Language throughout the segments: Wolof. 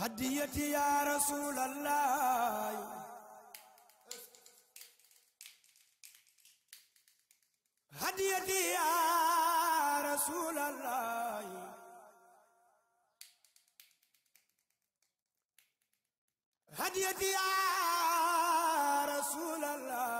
hadiyati ya rasulallah hadiyati ya rasulallah hadiyati ya rasulallah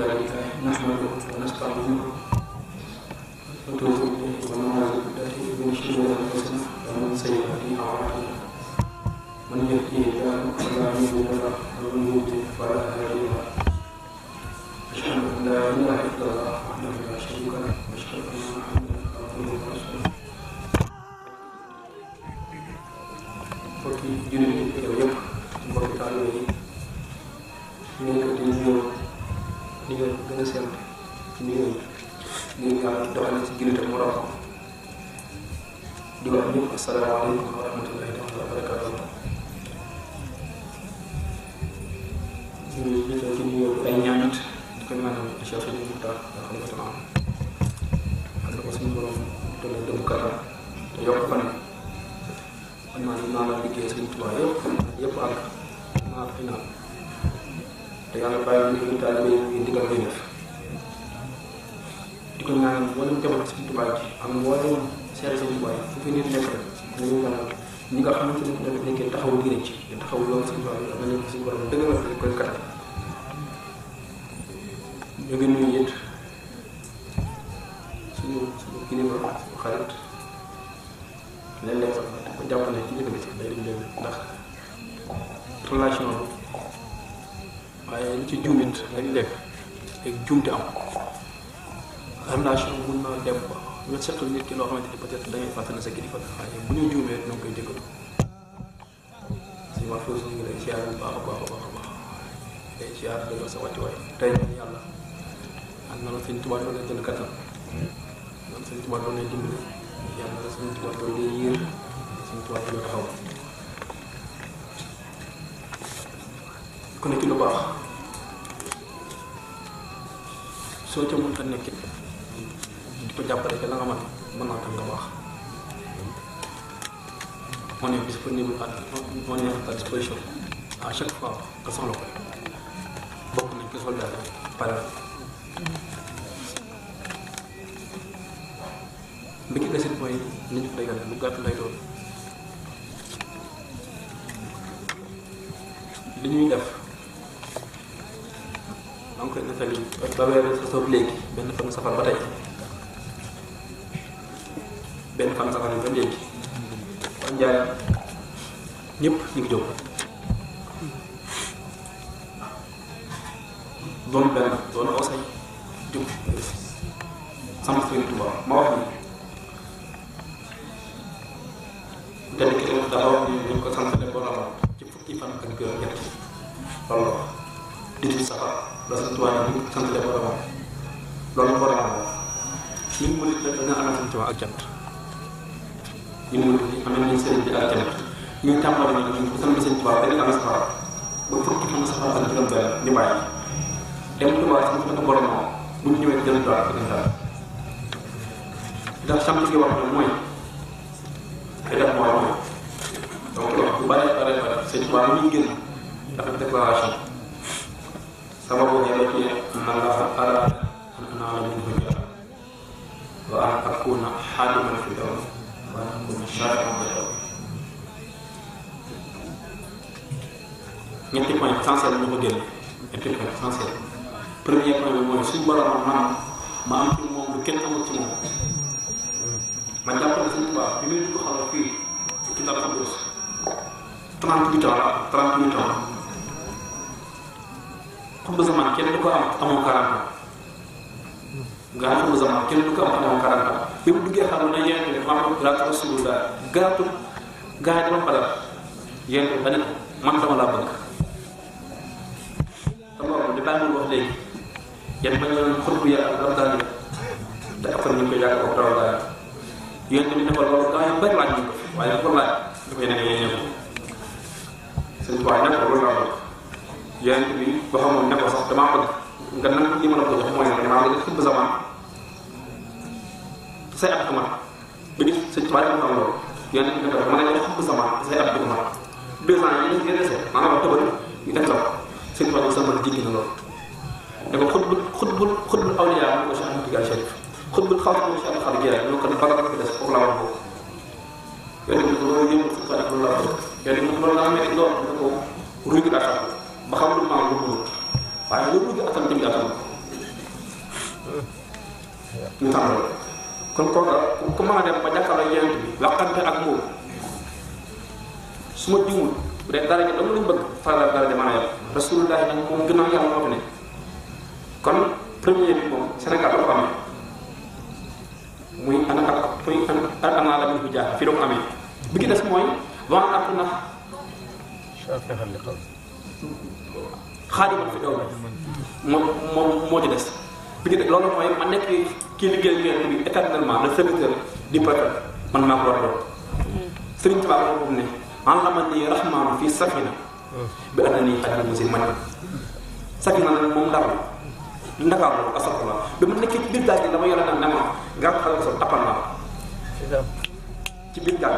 ذلك نحمده ونستعينه ونتوب إليه ونعوذ بالله من شرور أنفسنا ومن سيئات أعمالنا من يهديه الله فلا مضل له ومن يضلل فلا هادي له أشهد أن لا إله إلا الله وحده لا شريك له وأشهد أن محمدا عبده ورسوله mbokki jullit yi yow yëpp mbokki taalibe yi ni ñoo gën a sell ci ni ñooñu ni ñu yàlla doxale ci jullitam mu raw di wax ñëpp asalaamaaleykum wa rahmatullahi taala wa barakatu ñu ñu ci ay ñaanit di ko ñaanal Cheikh Sidi Moutar ku ne ci lu baax soo ca mënta nekki di ko jàppale ci la nga mën mën naa tax nga baax on est disponible à on est à disposition à chaque fois nga soxla ko bokk nañ ko soldat pare bi ci desit mooy ni ñu ko dégale lu gàtt lay doon li ñuy def rek ba weeru soog léegi benn fanu safar ba tey benn fanu safar bi ba léegi kon njaay ñëpp ñu ngi jóg Tuubaa dañu am safara ba fukki fan safara ak juróom benn ñu bàyyi dem Tuubaa ci mu fekk boromam bu ñu ñëwee jël Tuubaa ci dara ndax xam ci wax ne mooy te def mooy mooy donc wax bu bari bari bari sëñ Tuubaa mu ñuy génn dafa déclaration sama boobu yàlla ci man la fa ara an naa la ñu ko jël wa an akuna xaadiman fi daw wa an akuna shaariman fi daw ñetti point essentiel ñu ko génn ñetti point essentiel premier point bi mooy suñu borom man ma am ci moom lu kenn moom kenn du ko am amoo quarante ans nga xam nga zaman kenn du ko am amoo quarante bi mu duggee xam ne yéen ne xam nga laata rasulullah gaatu gaa yi dama xalaat yéen ko ne man dama laa bëgg moroom li bàyyi wax léegi yan ma ñëwoon xutbu yàlla ak loolu te après ñu ngi koy yàgg octobre daal yéen tamit defal loolu temps yu bëri laaj ñu ko waaye dafa laaj da koy nekk yéen ñëpp sëñ bi waaye nag loolu laa bëgg yéen bi boo xamoon ne ko sax damaa bëgg nga nangu li ma la ko jox mooy ne damaa bëgg xutbu zaman say at amat ba gis sëñ bi waaye dafa am loolu yéen tamit dafa dama lay jox xutbu zaman say at amat deux ans yi ñu ngi dese maanaam tëbal ñu def la Chérif Aliou Sambal jéggi na loolu ne ko ma si Abdou Khadre ko ko ak loolu la ko xam lu a dem ba jàkkaarloo yéen bi waxante ak moom su ma jiwul bu dama lu bëgg faral dara ji a yem rasulullahi nag moom gën a yàlla moo fi ne kon premier bi moom Sénégal dafa amee muy ana ak muy ana ana la bu jaax fi doon amee bi des mooy wax ak ndax xaadiman fi daw moom moom moo ci des bi ci des loolu mooy ma nekk kii liggéey ngeen bi éternellement le serviteur du peuple man maa ko war a doon hmm. Sëriñ Tuubaa ne en la ma nii safina bi am na ni xaj na mu si man sag na nag moom ndaw ndakaar loolu asakula bi ma nekkee ci biir gaal gi dama nag ne ma gaal xale sol tappal naa ci biir gaal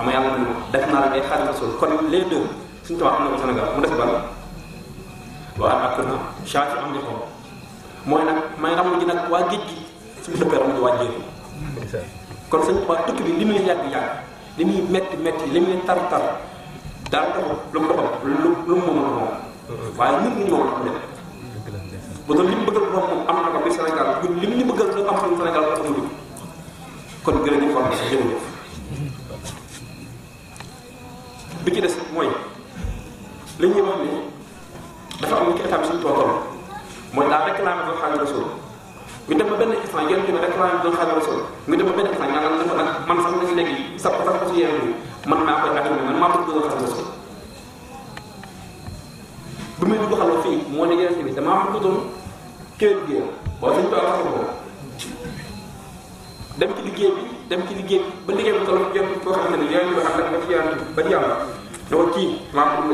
gi yàlla ne ma def naa la ngay xale sol kon les deux suñu tubaab am na ko Sénégal mu def bala waa na chat yi am njëkkoon mooy nag may ramu ji nag waa géej gi suñu dëppee kon suñu tubaab tukki bi li muy yàgg yàgg li muy metti metti li muy tar tar daanaka lu mu doxal lu lu mu moom moom. waaye ñun ñu ñoo am lépp. ba doon li mu bëggal moom am na ko biir Sénégal ñun li ñu bëggal ñu am ko Sénégal dafa amuñu kon gën a ñu faral di jëf bi ci des mooy li ñuy wax ni dafa am ci état bi suñu toolam mooy daa réclamé doon xaaral rasul ñu dem ba benn instant yéen ñu ne réclamé doon xaaral rasul ñu dem ba benn instant ñu naan man sax léegi sax sax ko si yéen man maa koy assumer man maa ko dugal xalwa si bu muy dugg xalwa fii moo ne yeneen bi damaa am lu ci liggéey bi dem ci liggéey bi ba liggéey bi toll jot koo xam ne ne yeneen bi ànd ak ba ci yàlla ba ci yàlla loolu kii maa ko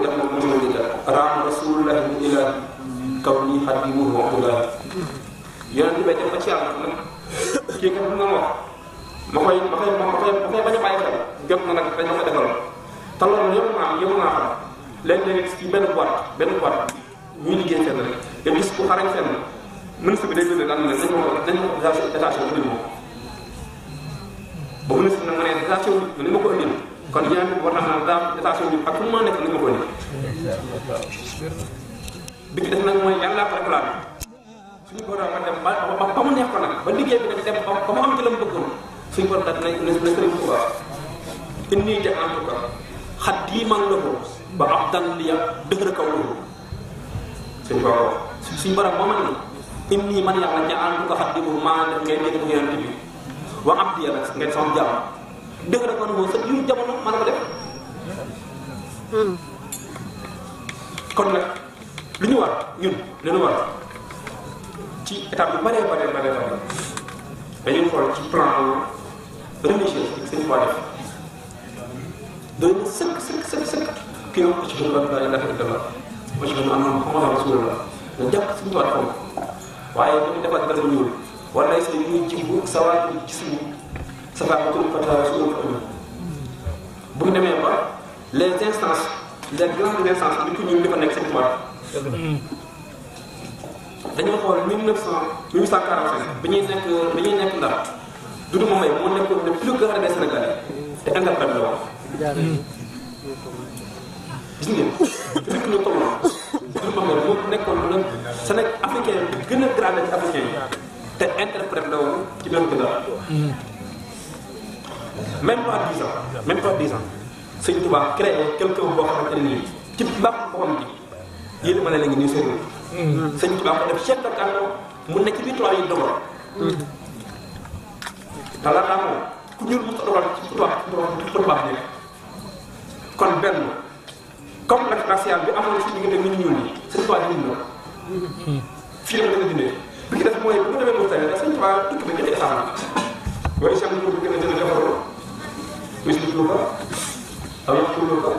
ila kaw nii xat yi mu wax yeneen bi bay dem ba ci yàlla nag kii kat bu nga wax ma koy ma koy ma koy ma koy bañ a bàyyi xel jot na nag dañ ma ko defaloon te loolu yëpp naa yëpp naa xam léeg-léeg ci benn boîte benn boîte ñuy liggéey fenn rek nga gis ku xarañ fenn ministre bi day bind daan ne dañ ma ko dañ ma ko gage étation bu dul moom ba ministre nag ma ne étation bi ni ma ko indil kon yaa ngi war na xam daal étation bi ak fu mu ma nekk ni ma ko indil bi ci def nag mooy yàlla préparé suñu borom ma dem ba ba mu neex ko nag ba liggéey bi nag dem ba mu am ci la mu bëggoon suñu borom daal dinañ na sëriñ Tuubaa inni te en tout cas xaddiman lahu ba abdan liya dëgër kaw loolu suñu borom wax suñu borom moom ni inni man yàlla ca en tout cas xaddimu maa def ngay dégg mu yonent bi wa abdi yàlla ngeen sama jàmm dëgër kaw loolu sa yu jamono man ko def hmm. kon nag lu ñu war ñun lu ñu war ci état bi bare bare bare bare dañuy xool ci plan religieuse bi sëñ Tuubaa def doy na sëkk sëkk sëkk sëkk kii moom ci xëy na la ilaha illallah ma ci xëy na am na Muhammad a nga jàpp sëñ Tuubaa fonk waaye dañu defaat dara ñuul wala sa ñuy jibu sa waay bi ci suñu sa faa ko fata rasul bu ñu demee ba les instances les grandes instances bi ko ñuul dafa nekk sëñ Tuubaa hmm. dañoo xool 1945 bi ñuy nekk bi ñuy nekk ndar Doudou Momaye moo nekkoon le plus grand des Sénégalais te interprète la woon. gis ngeen dëkk ñu toll Doudou Momaye moo nekkoon le Séné africain bi gën a grave ci africain yi te interprète la woon ci benn guddaar. même pas dix ans même pas dix ans Sëñ Tuubaa créé quelqu'un boo xamante ne nii ci mbaax boppam bi yéen a mën a ngi nii sëñ Tuubaa ko def chef de canton mu nekk ci biir trois yi dogal. dala nangu ku ñuul mu dogal ci tubaab ci borom ci tubaab bi kon benn complexe racial bi amoon ci diggante nit ñuul yi seen tubaab yi ñu fii la ko dindee bi ci def mooy bu ko demee mu tane seen tubaab tukki bi ñetti état la waaye seen tubaab bi gën a jënd defaroo mais seen tubaab aw yàq tubaab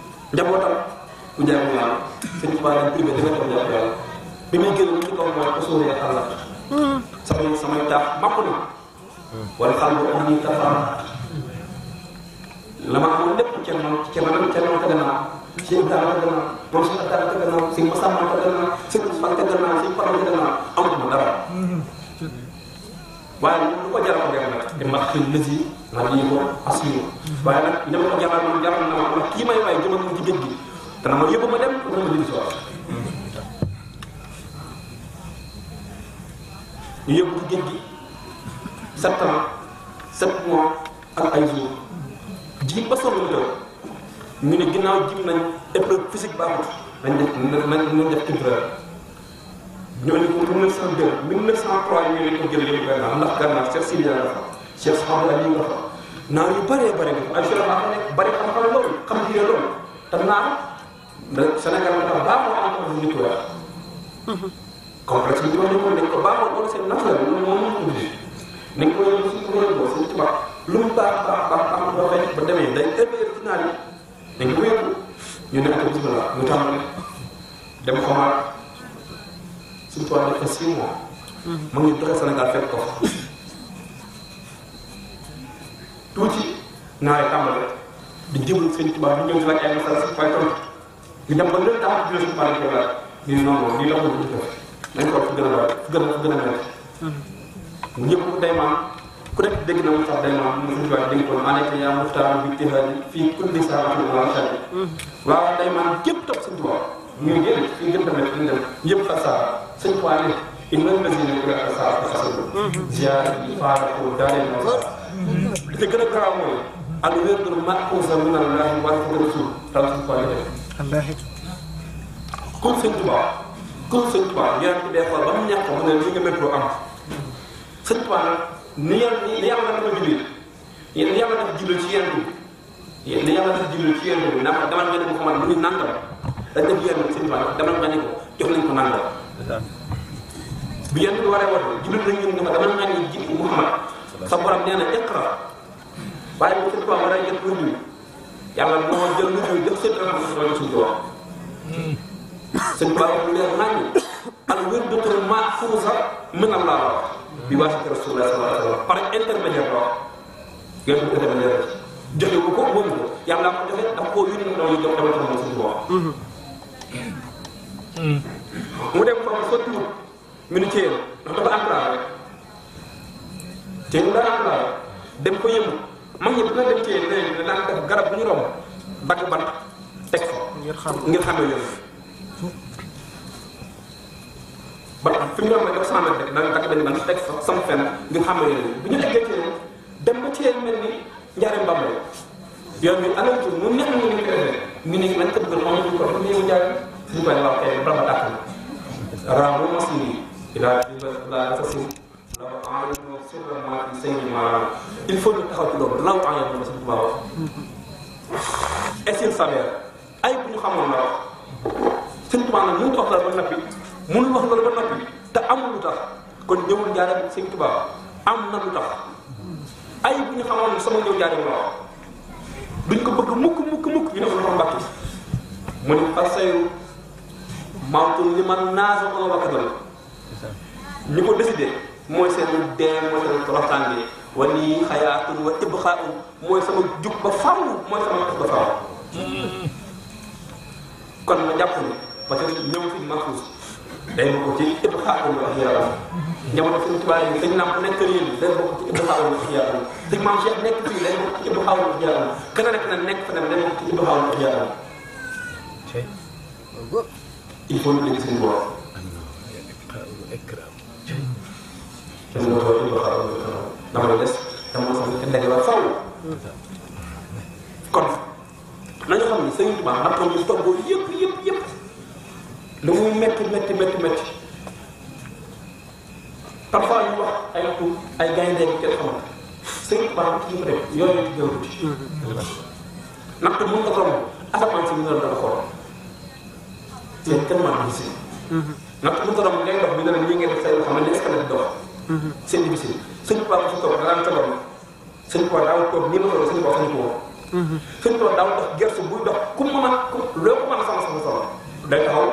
njabootam bu jaay mu laal sëñ Tuubaa dañ privé dafa dem jàpp yàlla bi muy génn ñu ci kaw mooy ko suuf yàlla la samay samay taax màpp na wala xam nga am ñuy tafaam la ma amoon lépp ca man ca man ca man ka gannaaw si Ibrahima ka gannaaw moom si Attaal ka gannaaw si Masamba ka gannaaw si Ousmane ka gannaaw si Faram ka gannaaw amatuma dara mm-hmm. waaye lu ko jaral ko gën a nag te mat xil war nañu ko assurer waaye nag ña ma ko jàppal man na ma kii may waaye jëmal ci géej gi dana ma yóbbu ma dem dana ma jënd si waat ñu yóbbu gi sept ans sept mois ak ay jours ji ba sonn ñu ñu ne ginnaaw jim nañ épreuve physique baaxut nañ def nañ nañ def culturel ñooñu ko 1902 1903 ñu ne ko jël leen gànnaar ndax gànnaar seet si biir la fa Cheikh Saxaaba la ñu nga fa naar yu bëree bëri bi ay sura maa nekk bëri xam-xam loolu xam diine loolu te naar Sénégal la tax baaxoo am ko nit wax complexe bi ñu wax ne dañ ko baaxoon woon seen nafa bi moom moom ñu indi nañ ko yóbbu suñu ko yóbbu suñu tubaab lu mu baax baax baax baax boo fay ba demee day éveillé ci naar yi dañ ko yóbbu ñu nekk bismillah ñu tàmbali dem xomaat suñu tubaab def ko six mois mm-hmm. mu ngi doxee Sénégal fekk ko tuuti naare tàmbali rek di jëbal seen tubaab ñu si laaj ay masal si fay tontu ñu dem ba lépp taxaw ci suñu pare ko laaj ñu noonu lii taxul ñu def nañ ko fu gën a laaj fu gën a fu gën a mel hmm. ñëpp day maam ku nekk dégg na mu sax day mu suñu tubaab dégg ko maa nekk yaa muxtaar bi tihaani fii kulli saa wa hmm. waaw day maam képp topp seen tubaab ñu génn ñu gën tamit ñu dem ñëpp fa saa seen tubaab ne innal lazina yurakka saa fa saa ziyaar te gën a garaaw mooy al wirdul maxuusa min allahi wa rasul tabaaraka wa taala comme sëñ Tuubaa comme sëñ Tuubaa ñu naan des fois ba mu ñàkk mu ne li nga métro am sëñ Tuubaa nag ni yàlla ni yàlla dafa jullit yéen ni yàlla dafa jullit ci yenn bi yéen ni yàlla dafa jullit ci yenn bi ndax dama nga ne ko xamal mu ni nangam dañ def yenn sëñ Tuubaa dama nga ne ko jox nañ ko nangam bu yenn bi waree war jullit nañ ñu ne ko dama nga ne ji Muhammad sa borom nee na iqra bàyyi bu sëñ Tuubaa war a jël ruuj wi yàlla moo jël ruuj wi jox sëñ Tuubaa xam ne suñ Tuubaa sëñ Tuubaa mu leer nañu al wirdatul mahfuuza min Allah bi waasitati Rasulullah sallallahu alayhi wa sallam par intermédiaire la wax ngeen ko intermédiaire joxe wu ko moom ko yàlla ko joxe daf koo yónni mu doon jox dama xam ne suñ Tuubaa mu dem foofu soo tuub mu ni ceen ndax dafa entravé rek ceen dara entravé dem ko yëngu mag ñi dina dem téye nawet bi daan def garab bu ñu romb dagg bant teg ko. ngir xam ngir xamee yoon bi. ba fi mu ne ma def 100 mètres rek daan dagg benn bant teg ko sam fenn ngir xamee yoon bi bu ñu eggee ci yoon dem ba ci yoon mel ni njaareen bamb la yoon bi alal tur mu nekk ñu ngi koy defee ñu ne nañ ko dugal moom ñu ko def néew njaareen ñu koy law tey raba dàq na. raamu mos mi. daa daa fas law aalama sirra maa fi sayni maanaam il faut ñu taxaw ci wax est wax suñu tubaab nag mënut la ba noppi mënul wax te amul lu tax kon ñëwul am na lu tax bu ñu ko bëgg mukk mukk mukk ñu ne ko dafa mbàkki mu ne fasayu mantul li man la ñu ko décidé mooy seen dee mooy seen toroxtaange wa nii xayaatun wa ibxaa'un mooy sama jug ba faaw mooy sama jug ba faaw kon ma jàpp ne parce que ñëw fi maxuus day bokk ci ibxaa'un wa xiyaaun jamono suñu tubaab yi dañ naan nekk yéen day bokk ci ibxaa'un wa xiyaaun sëñ maam Cheikh nekk fii day bokk ci ibxaa'un wa xiyaaun keneen ak keneen nekk feneen day bokk ci ibxaa'un wa xiyaaun il faut ñu dégg seen bopp te mu war a indi wax dama doon des dama doon sax dañu dajewaat faaw. kon nañu xam ni Sëriñ Tuubaa xam nga ñu toggoo yëpp yëpp yëpp lu muy métti métti métti métti parfois ñu wax ay tur ay gaynde yu kenn xamante Sëriñ Tuubaa ci ñu ko def yooyu jëwut ci. ndax mën nga ko romb asamaan si ñu mm-hmm. doon dara xool. c'est tellement difficile. ndax mën nga ko romb ngay dox bi nga ne nii ngay def say yoo xam ne est-ce que dox. seen bi si sëñ Tuubaa suñu toog daan togam na sëñ Tuubaa daaw toog nii ma toog sëñ Tuubaa sañu ko woon sëñ Tuubaa daaw dox gerte buy dox ku mu mën a ku loo ko mën a sama sama sama day taxaw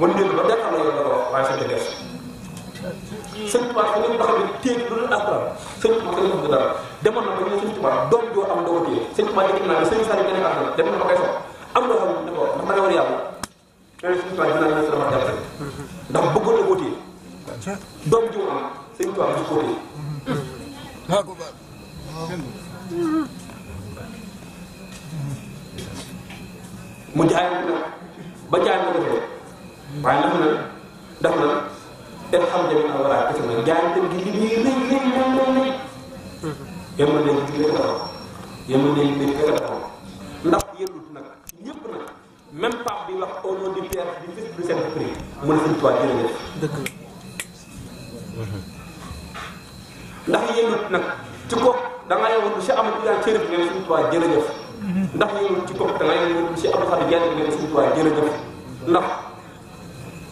wan leen ba day xam ne yow la ko wax waaye sëñ gerte sëñ Tuubaa dañu doxal bi téye lu dul alxuraan sëñ Tuubaa dañu dox dara demoon na ba ñu sëñ Tuubaa doom joo am doo téye sëñ Tuubaa dégg naa ne sëñ Saliou gën a àdduna demoon na ba koy sox am loo xam ne ko ndax ma ne war yàlla sëñ Tuubaa dina la sama jàpp ndax bëggoon na koo téye doom joo am sëñ Tuubaa su ko mu jaay ko ba jaay ko def waaye nag nag def na def xam jamin a war a kese nag jaay dem gi li ñuy rëy rëy rëy rëy rëy yéen mën nañu di lekk dafa yéen mën nañu di lekk dafa ndax yëllut nag ñëpp nag même pape bi wax au nom du père du fils du Saint-Esprit mu ne Sëñ Tuubaa jërëjëf dëgg la ndax yëlut nag ci kook da ngay woon monsieur Amadou Tidiane Chérif ne suñu Tuubaa jërëjëf ndax yëlut ci kook da ngay woon monsieur Abdou Khadre Diagne ne suñu Tuubaa ndax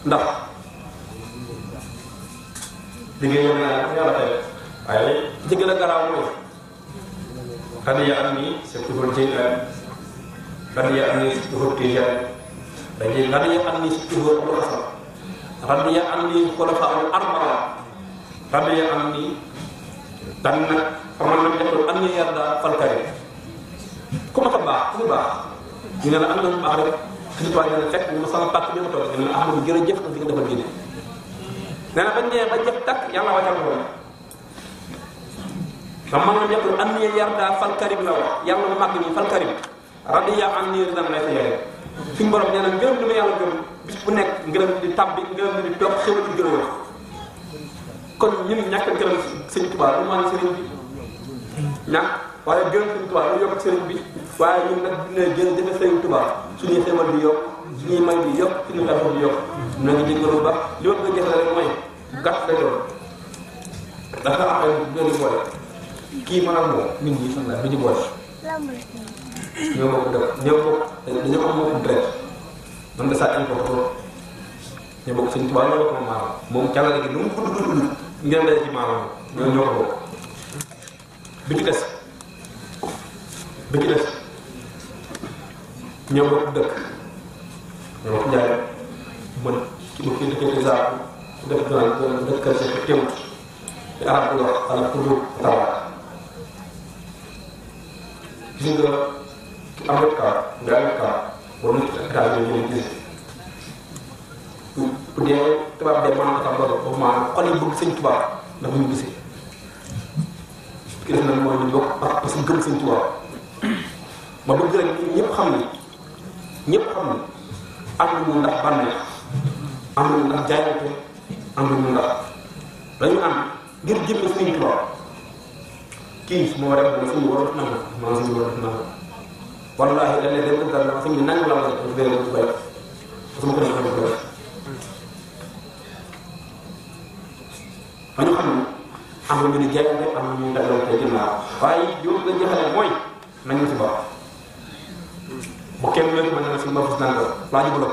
ndax liggéey yoon naa ko yàlla tey waaye ci gën a garaaw am ni sa tuxul Tijaan xan ya am ni sa tuxul am am ni xulafaa am ni daan na xamal lam yaqul am na yarda falkari ku ma ko baax ku baax ñu ne la am na mu baax rek suñu tubaab dina fekk ñu ma sama pàcc bi ma toog ñu ne la bañ nee ba jëf takk yàlla wàccal ma woon xamal lam yaqul am na la wax yàlla mu màgg nii falkarim radiya an nii ridan lay sa yore suñu borom nee na ngërëm li nekk ngërëm di tabbi ngërëm di toog xéwal ci gërëm kon ñun ñàkk a gërëm sëñ Tuubaa lu sëriñ bi ñàkk waaye gërëm sëñ Tuubaa lu yokk sëriñ bi waaye ñun nag dina gën jëfe sëriñ Tuubaa suñuy lu di yokk suñuy may di yokk suñuy xelfo di yokk na ngi jégalu bu baax li ma bëgg a rek mooy gàtt la doon dafa am ay benn boole kii maanaam moom min ñi fan la bi ñu boole ñoo bokk dëkk ñoo bokk dañoo bokk dret man da saa mu ko dudd ngeen day ci maanaam ñoo ñoo ko bokk bi ci des bi ci des ñoo bokk dëkk ñoo bokk njaay mën ci bu kii dëkk ci saabu def daan dëkk kër si teewut te arab ko wax ala ko lu tawaat gis nga ki amut kaa bu dee tubaab de mën na ko tax loolu boobu maanaam xol yi bëgg sëñ tubaab ndax ñu parce que gëm sëñ tubaab ma bëgg rek ñëpp xam ni ñëpp xam ni am nañu ndax bànneex am nañu ndax jaayante am nañu ndax dañu am ngir jëmme sëñ ma rek ma suñu warut na ma ma ne dem dal na suñu nangu la ba ñu xam am na ñu di jaayante am na ñu dagante ginnaaw waaye yow nga jëfale mooy nañu ci bopp bu kenn léegi mën na fi ma fus naan ko laaju bu la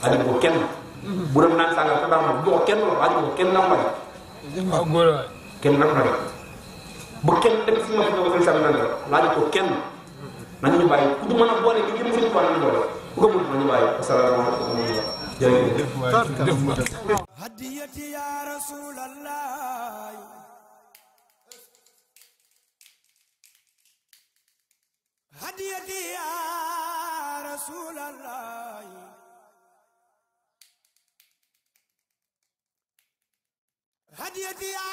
laaju ko kenn bu doon naan sàngal xabaar moom bu ko kenn la laaju ko kenn na ko waaw góor waay kenn na ko bu kenn dem fi ma fi ma ko seen sàngal naan laaju ko kenn nañu ñu bàyyi ku du mën a boole gi jëm suñu boole ñu boole bu ko bëgg nañu bàyyi asalaamaaleykum jërëjëf hadiyati ya rasulallah hadiyati ya rasulallah hadiyati ya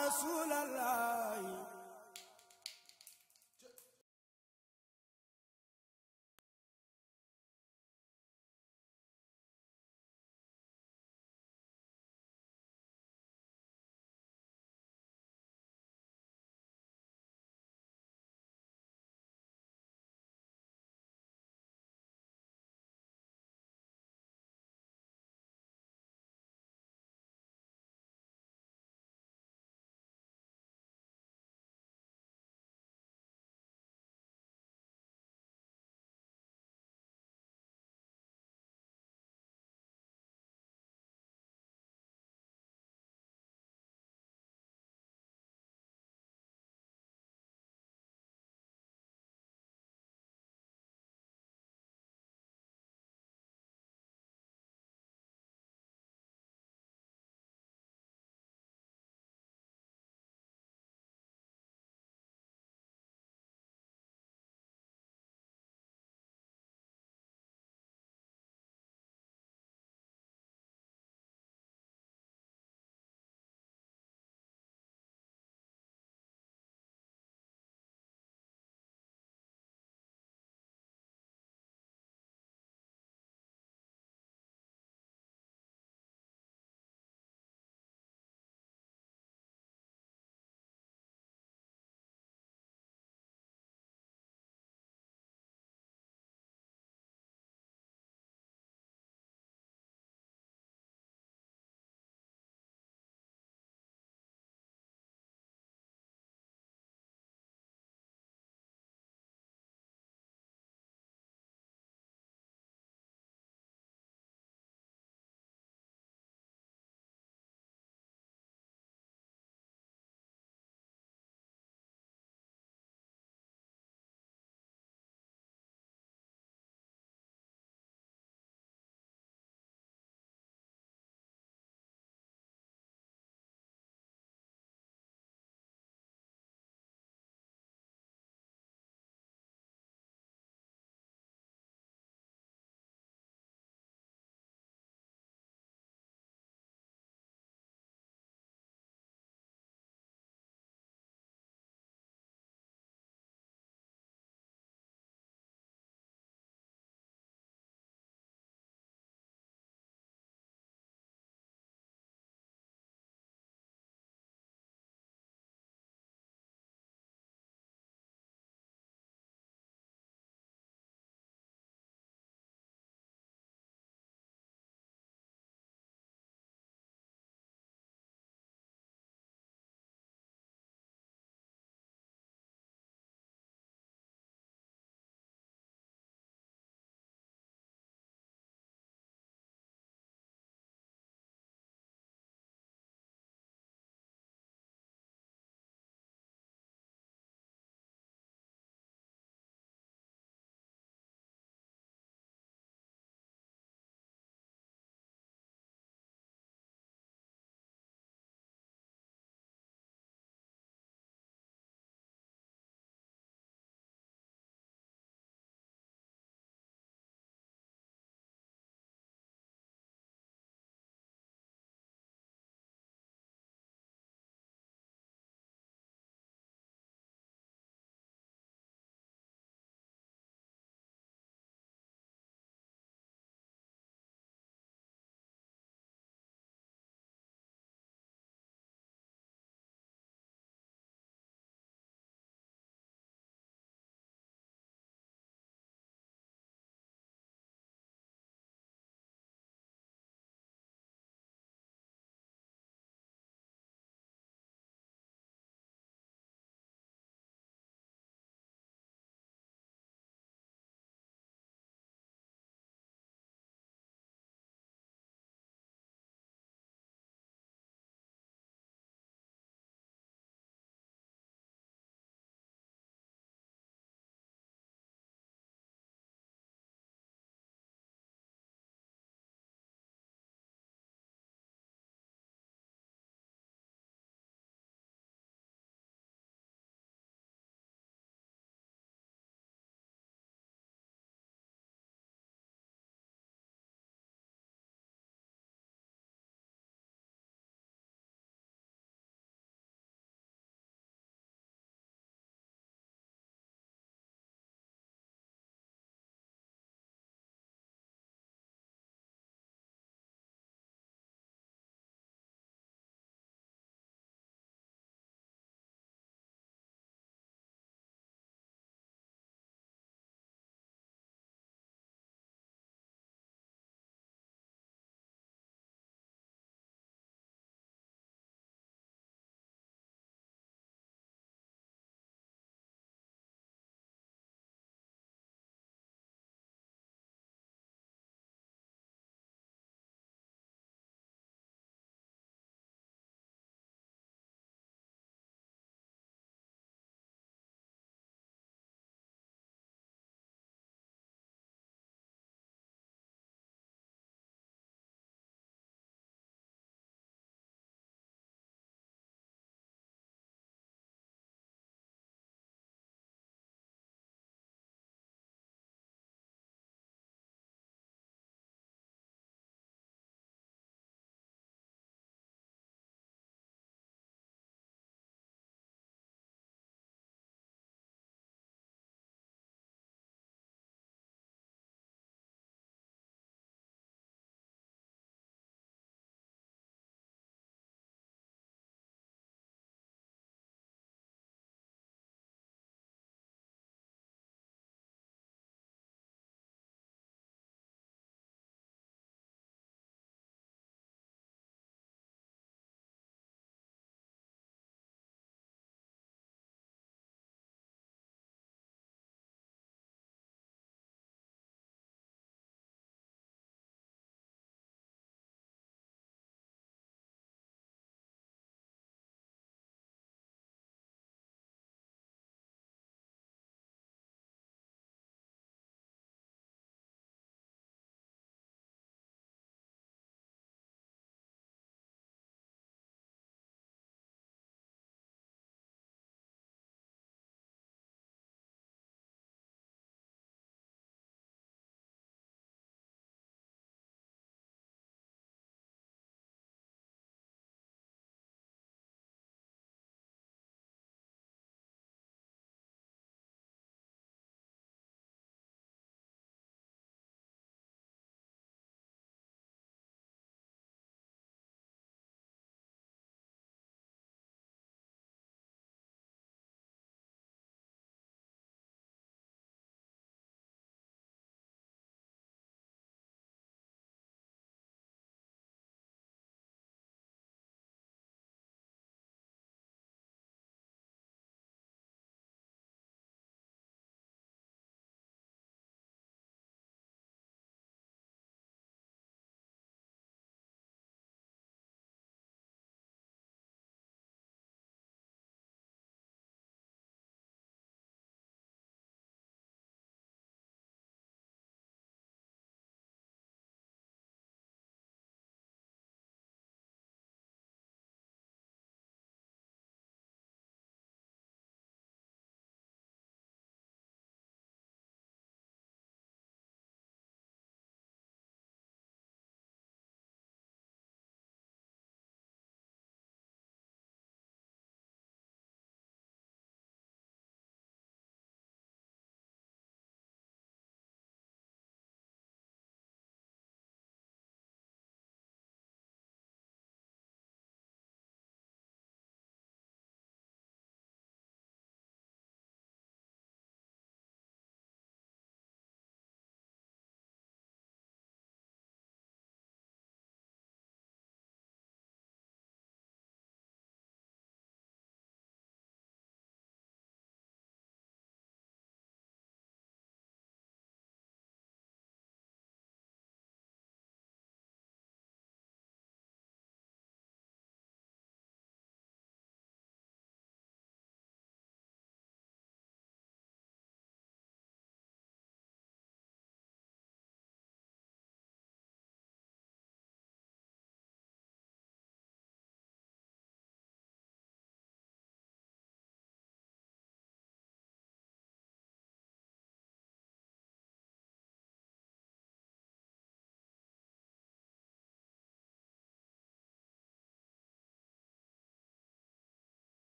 rasulallah